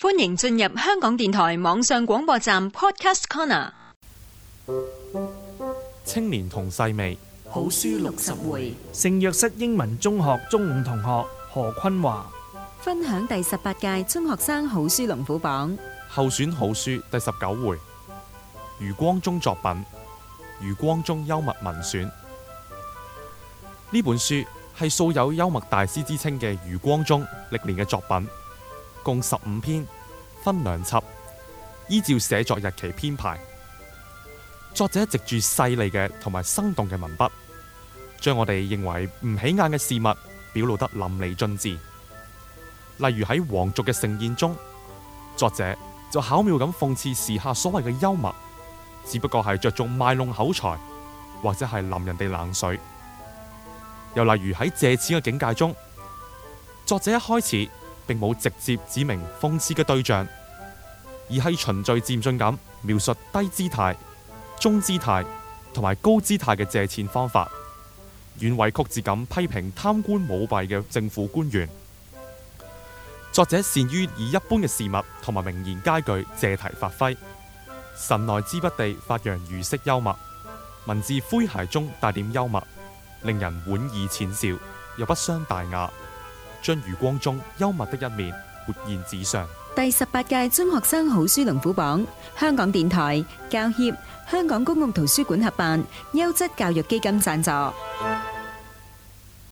歡迎進入香港電台網上廣播站 Podcast Corner。青年同細味好書六十回，聖若瑟英文中學中五同學何昆華分享第十八屆中學生好書龍虎榜候選好書第十九回，余光中作品《余光中幽默文選》呢本書係素有幽默大師之稱嘅余光中歷年嘅作品。共十五篇，分兩輯，依照寫作日期編排。作者藉住細膩嘅同埋生動嘅文筆，將我哋認為唔起眼嘅事物表露得淋漓盡致。例如喺皇族嘅盛宴中，作者就巧妙咁諷刺時下所謂嘅幽默，只不過係着重賣弄口才，或者係淋人哋冷水。又例如喺借錢嘅境界中，作者一開始。並冇直接指明諷刺嘅對象，而係循序漸進咁描述低姿態、中姿態同埋高姿態嘅借錢方法，以委曲折咁批評貪官舞弊嘅政府官員。作者善於以一般嘅事物同埋名言佳句借題發揮，神來之筆地發揚語式幽默，文字詼諧中帶點幽默，令人莞爾淺笑，又不傷大雅，，將余光中幽默的一面活現紙上。第十八屆中學生好書龍虎榜，香港電台、教協、香港公共圖書館合辦，優質教育基金贊助。